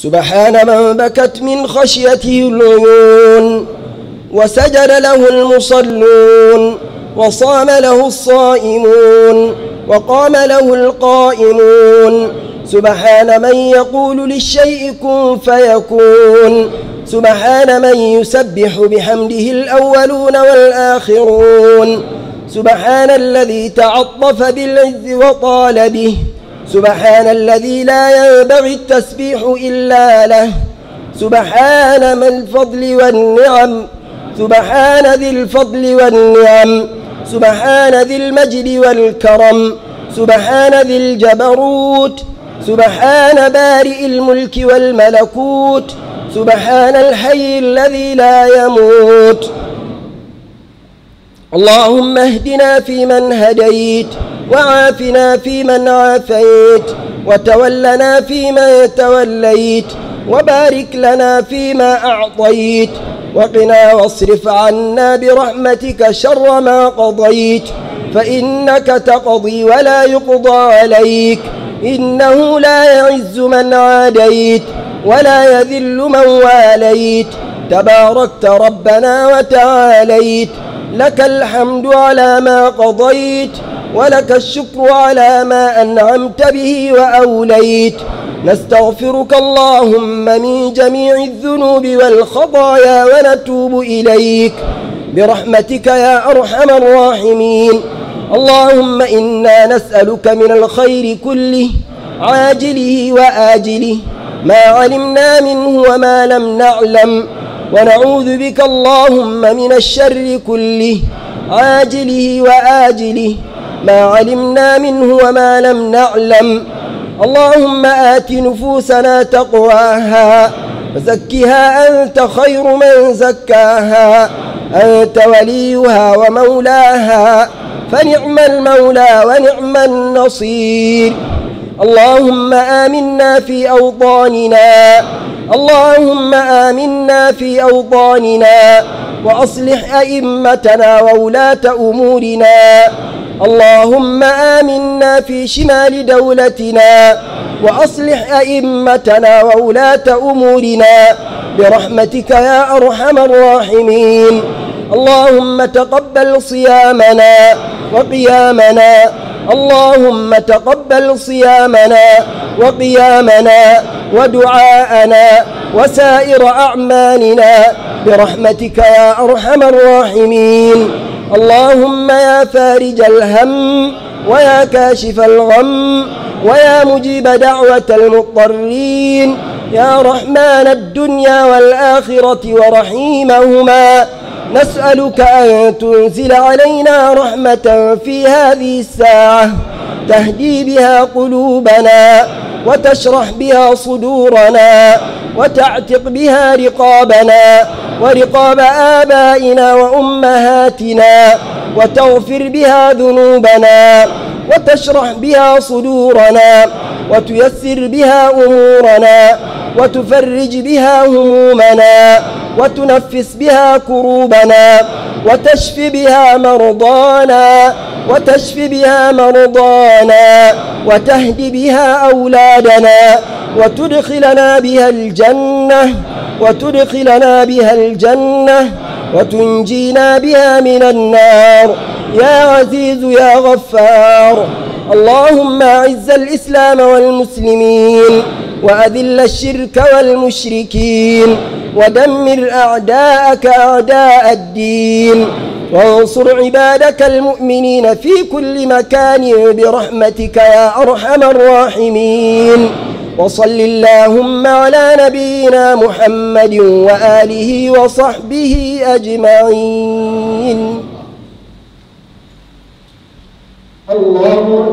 سبحان من بكت من خشيته العيون وسجد له المصلون وصام له الصائمون وقام له القائمون سبحان من يقول للشيء كن فيكون سبحان من يسبح بحمده الأولون والآخرون سبحان الذي تعطف بالعز وطال به سبحان الذي لا ينبغي التسبيح إلا له سبحان من الفضل والنعم سبحان ذي الفضل والنعم سبحان ذي المجد والكرم سبحان ذي الجبروت سبحان بارئ الملك والملكوت سبحان الحي الذي لا يموت اللهم اهدنا فيمن هديت وعافنا فيمن عافيت وتولنا فيمن توليت وبارك لنا فيما أعطيت وقنا واصرف عنا برحمتك شر ما قضيت فإنك تقضي ولا يقضى عليك إنه لا يعز من عاديت ولا يذل من واليت تباركت ربنا وتعاليت لك الحمد على ما قضيت ولك الشكر على ما أنعمت به وأوليت نستغفرك اللهم من جميع الذنوب والخطايا ونتوب إليك برحمتك يا أرحم الراحمين اللهم إنا نسألك من الخير كله عاجله وآجله ما علمنا منه وما لم نعلم ونعوذ بك اللهم من الشر كله عاجله وآجله ما علمنا منه وما لم نعلم اللهم آت نفوسنا تقواها وزكها أنت خير من زكاها أنت وليها ومولاها فنعم المولى ونعم النصير اللهم آمنا في أوطاننا اللهم آمنا في أوطاننا وأصلح أئمتنا وولاة أمورنا اللهم آمنا في شمال دولتنا وأصلح أئمتنا وولاة أمورنا برحمتك يا أرحم الراحمين اللهم تقبل صيامنا وقيامنا اللهم تقبل صيامنا وقيامنا ودعاءنا وسائر أعمالنا برحمتك يا أرحم الراحمين اللهم يا فارج الهم ويا كاشف الغم ويا مجيب دعوة المضطرين يا رحمن الدنيا والآخرة ورحيمهما نسألك أن تنزل علينا رحمة في هذه الساعة تهدي بها قلوبنا وتشرح بها صدورنا وتعتق بها رقابنا ورقاب آبائنا وأمهاتنا وتغفر بها ذنوبنا وتشرح بها صدورنا وتيسر بها أمورنا وتفرج بها همومنا وتنفس بها كروبنا وتشف بها مرضانا وتشف بها مرضانا وتهدي بها أولادنا وتدخلنا بها الجنة وتدخلنا بها الجنة وتنجينا بها من النار يا عزيز يا غفار اللهم أعز الإسلام والمسلمين وأذل الشرك والمشركين ودمر أعداءك أعداء الدين وانصر عبادك المؤمنين في كل مكان برحمتك يا أرحم الراحمين وصل اللهم على نبينا محمد وآله وصحبه أجمعين الله